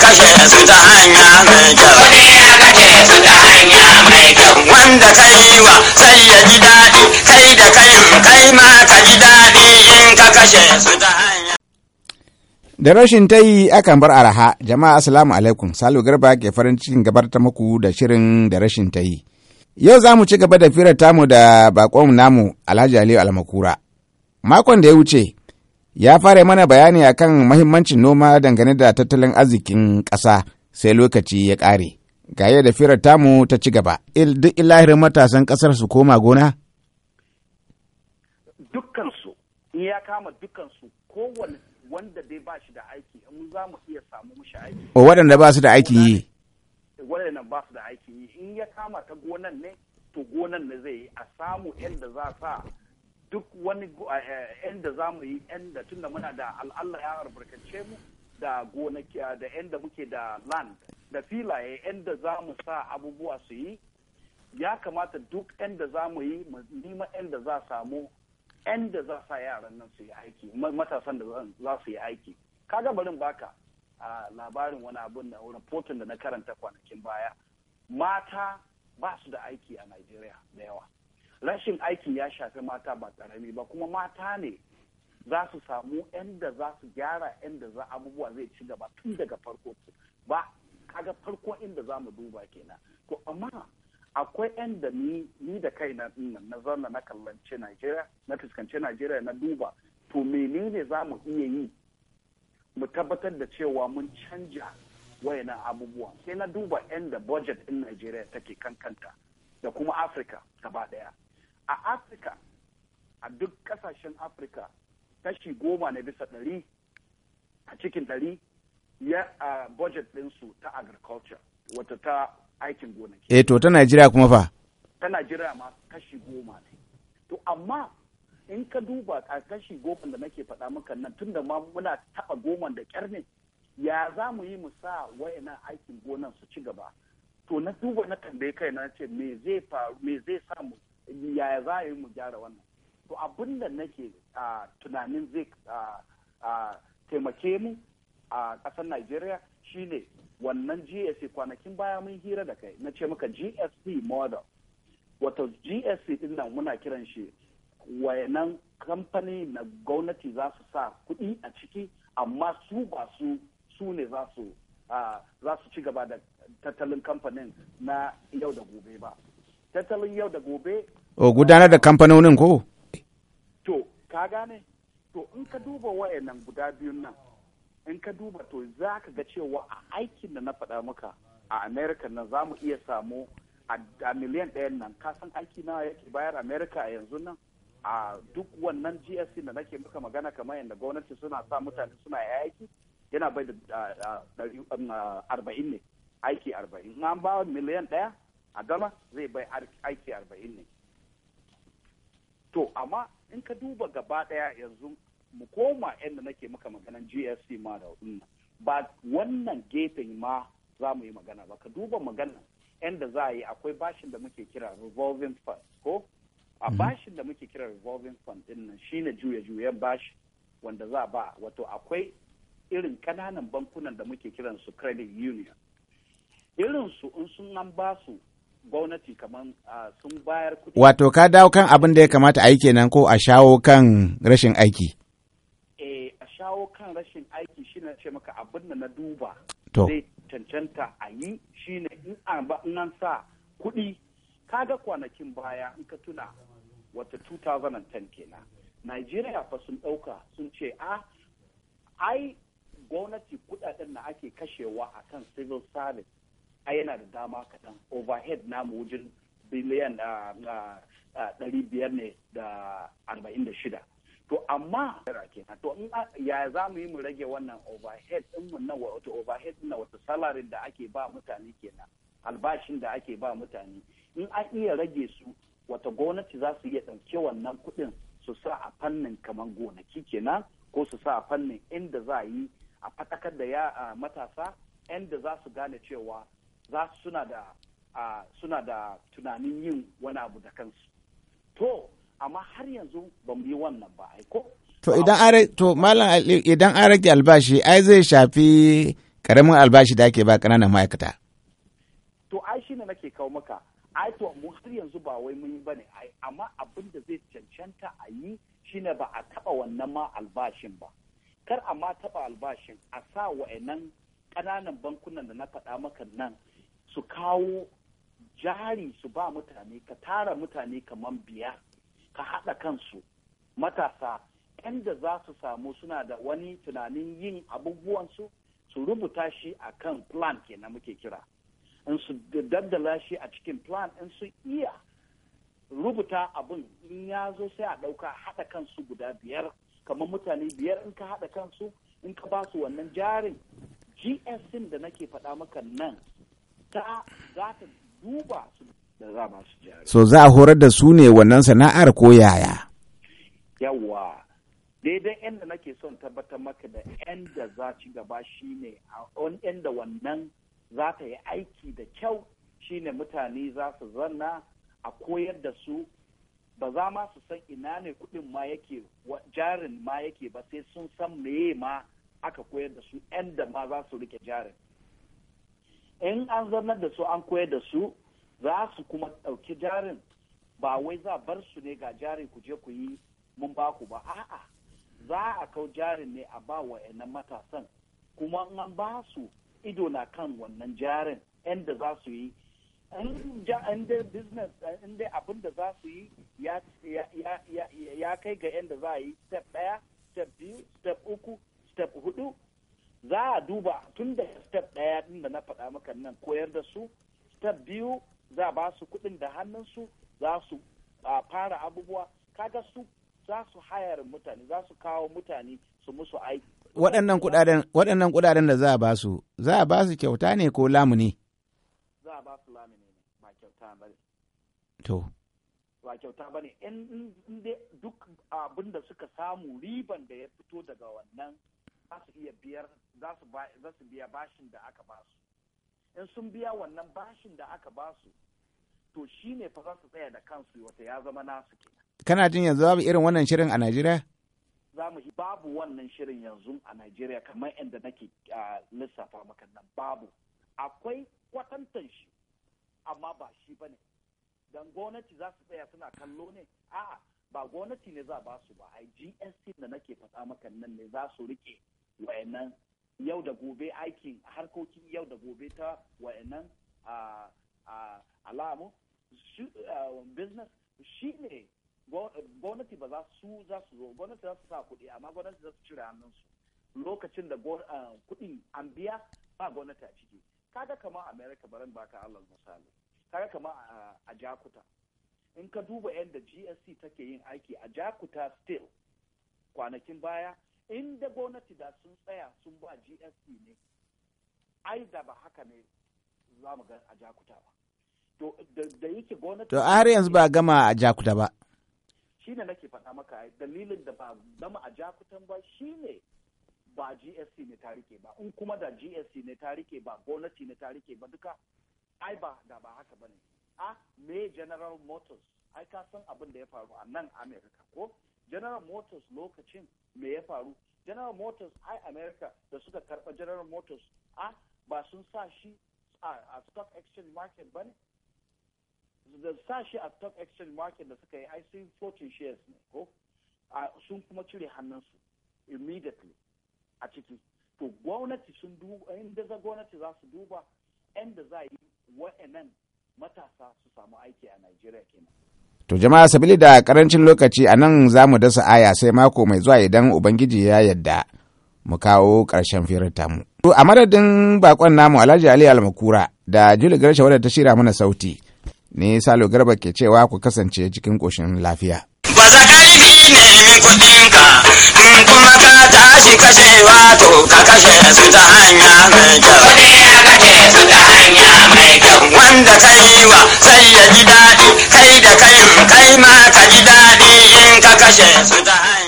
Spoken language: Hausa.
kashe su ta hanya mai kyau wanda ka yi wa sai ya ji daɗi kai da kai kai ma ka ji daɗi in ka kashe su ta hanya da rashin ta yi akan bar araha jama'a asalamu alaikum salu garba ke farin cikin gabar ta muku da shirin da rashin ta yi yau za mu ci gaba da firar tamu da bakon namu alhaji aliyu almakura makon da ya wuce ya fara mana bayani akan mahimmancin noma dangane da tattalin arzikin ƙasa sai lokaci ya ƙare. Ga yadda firar tamu ta ci gaba, duk ilahirin matasan ƙasar su koma gona? Dukkansu, ya kama dukkansu kowane wanda dai ba shi da aiki, mu za mu iya samu mushi aiki. waɗanda ba su da aikin yi? Waɗanda ba su da aikin yi, in ya kama ta gonan ne, to gonan ne zai yi, a samu yadda za sa duk wani eh, yan da za mu yi yan da muna da al'allah ya albarkace mu da gonaki eh, da yan da muke da land da filaye yan da za mu sa abubuwa su yi ya kamata duk yan da za mu yi nima yan da za samu yan da za sa yaran nan su yi aiki matasan da za su yi aiki kaga barin baka a labarin wani abun na da na karanta kwanakin baya mata ba su da aiki a Najeriya da yawa rashin aikin ya shafi mata ba karami ba kuma mata ne za su samu yadda za su gyara yadda za abubuwa zai ci gaba tun daga farko ba kaga farko inda za mu duba kenan to amma akwai yadda ni ni da kai na zanna na kallance Najeriya na fuskanci Najeriya na duba to menene za mu iya yi mu tabbatar da cewa mun canja wayana abubuwa sai na duba yadda budget in Najeriya take kankanta da kuma Afirka gaba daya a afirka a duk kasashen afirka kashi goma na bisa ɗari a cikin ɗari ya a budget ɗinsu ta agriculture wata ta aikin gonaki. E to ta Najeriya kuma fa? Ta Najeriya ma kashi goma ne. To amma in ka duba a kashi goma da nake faɗa maka nan tun da ma muna taɓa goma da ƙyar ne ya za mu yi mu sa wayannan aikin gonan su ci gaba. To na duba na tambaye kai na ce me zai faru me zai sa mu yaya za a yi mu gyara wannan to abin da nake tunanin zai taimake mu a ƙasar najeriya shine wannan gsc kwanakin baya mun hira da kai na ce maka gsc model wato gsc din nan muna kiran shi wayanan kamfani na gwamnati za su sa kuɗi a ciki amma su ba su su ne za su za su ci gaba da tattalin kamfanin na yau da gobe ba tattalin yau da gobe o gudanar da kamfanonin ko to ka gane to in ka duba wayannan guda biyun nan in ka duba to za ka ga cewa a aikin da na faɗa maka a america nan za mu iya samu a miliyan ɗayan nan ka san aiki nawa yake bayar amerika a yanzu nan a duk wannan gsc da nake maka magana kamar yadda gwamnati suna sa mutane suna aiki yana bai da um, arba'in ne aiki arba'in an ba miliyan ɗaya a gama zai bai aiki arba'in ne to amma in ka duba gaba daya yanzu mu koma yadda nake maka maganan GSC ma da ba wannan gefen ma za mu yi magana ba ka duba magana yadda za a yi akwai bashin da muke kira revolving fund ko a mhm. bashin da muke kira revolving fund din nan ne juya juyen bashi wanda za ba wato akwai irin kananan bankunan da muke kiransu credit union irinsu in sun an ba su gwamnati kamar ah, sun bayar kuɗi. Wato ka dawo kan abin da ya kamata a yi kenan ko a shawo kan rashin aiki? Eh a shawo kan rashin aiki shi na ce maka abin da na duba. Zai cancanta a yi shi ne in an sa kuɗi kaga kwanakin baya in ka tuna wata 2010 kenan. Najeriya fa sun ɗauka sun ce a ah, ai gwamnati kuɗaɗen da ake kashewa a kan civil service a yana da dama kaɗan overhead namu wajen biliyan dari ah, ah, ah, biyar ne da arba'in da shida to amma to ya za mu yi mu rage wannan overhead mu na wato overhead na wato salary da ake ba mutane kenan albashin da ake ba mutane in an iya rage su wata gwamnati za su iya ɗauke wannan kuɗin su sa a fannin kamar gonaki kenan ko su sa a fannin inda za a yi a faɗakar da ya matasa inda za su gane cewa za su suna da tunanin yin wani abu da kansu to amma har yanzu ba mu yi wannan ba to idan an rage albashi ai zai shafi karamin albashi da ake ba kananan ma'aikata to ai shine nake kawo maka ai to mu har yanzu ba wai mun yi bane ai amma abin da zai cancanta a yi shine ba a taɓa wannan ma albashin ba kar a ma taɓa albashin a sa wa'annan ƙananan bankunan da na faɗa maka nan su kawo jari su ba mutane ka tara mutane kaman biyar ka haɗa kansu matasa da za su samu suna da wani tunanin yin abubuwansu su rubuta shi a kan plan kenan muke kira in su daddala shi a cikin plan in su iya rubuta abin in ya zo sai a ɗauka haɗa kansu guda biyar kamar mutane biyar in ka haɗa kansu in ka ba su wannan jarin gs da nake faɗa maka nan ta za ta duba su da za masu jari. So za a horar da su ne wannan sana'ar ko yaya? Yawwa, daidai yadda nake son tabbatar maka da yadda za ci gaba shi ne a yadda wannan za ta yi aiki da kyau shi ne mutane za su zanna a koyar da su ba za ma su san ina ne kuɗin ma yake jarin ma yake ba sai sun san meye ma aka koyar da su yadda ma za su rike jarin. in an zarnar da su an koyar da su za su kuma ɗauki jarin ba wai za bar su ne ga jarin ku je ku yi mun ba ku ba a'a za a kau jarin ne a ba wa matasan kuma an ba su ido na kan wannan jarin inda za su yi inda business inda abin da za su yi ya kai ga yadda za a yi step ɗaya step biyu step uku step hudu za a duba tun da step ɗaya ɗin da na faɗa maka nan koyar da su step biyu za ba su kuɗin da hannunsu za su fara abubuwa kaga su za su hayar mutane za su kawo mutane su musu aiki waɗannan kuɗaɗen waɗannan kuɗaɗen da za a ba su za a ba su kyauta ne ko lamuni za a ba su lamuni ne ba kyauta ba ne to ba kyauta ba ne in duk abin da suka samu riban da ya fito daga wannan za su iya biyar za su biya bashin da aka ba su in sun biya wannan bashin da aka ba su to shi ne fa za su tsaya da kansu wata ya zama nasu kenan kana jin yanzu babu irin wannan shirin a Najeriya za mu babu wannan shirin yanzu a Najeriya kamar inda nake lissafa maka nan babu akwai kwatantan shi amma ba shi ba ne. dan gwamnati za su tsaya suna kallo ne a'a ba gwamnati ne za ba su ba ai GST da nake faɗa maka nan ne za su rike wayannan yau da gobe aikin harkokin yau da gobe ta wayannan alamu business shi ne gwamnati ba za su za su zo gwamnati za su sa kuɗi amma gwamnati za su cire hannunsu lokacin da kuɗin an biya ba gwamnati a ciki kaga kamar america barin baka allah misali kaga kamar a jakuta in ka duba yadda gsc take yin aiki a jakuta still kwanakin baya in da gwamnati da sun tsaya sun ba gsp ne ai da ba haka ne za mu ga a jakuta ba to da yake gwamnati to har yanzu ba gama a jakuta ba shine nake faɗa maka dalilin da ba gama a jakutan ba shine ba gsp ne ta rike ba in kuma da gsp ne ta rike ba gwamnati ne ta rike ba duka ai ba da ba haka bane a me General Motors ai ka san abin da ya faru a nan America ko General Motors lokacin me ya faru general motors ai america da suka karba general motors a ba sun sa shi a stock exchange market ba ne da sa shi a stock exchange market da suka yi ai sun 14 shares ne ko sun kuma cire hannunsu immediately a ciki to gwamnati sun duba inda za gwamnati za su duba inda za yi wa'annan matasa su samu aiki a nigeria kenan To jama'a sabili da karancin lokaci a nan za mu dasa aya sai mako mai zuwa idan Ubangiji ya yadda mu kawo ƙarshen firar mu. To a madadin bakon namu Alhaji Ali Almakura da Juli Garsha wadda ta shira mana sauti. ne Salo Garba ke cewa ku kasance cikin ƙoshin lafiya. wasa ƙarfi nemi kuɗinka in kuma ka tashi kashe wato ka kashe su ta hanya mai kyau wanda ka yi wa sai ya ji daɗi kai da kai kai ma ka ji daɗi in ka kashe su ta hanya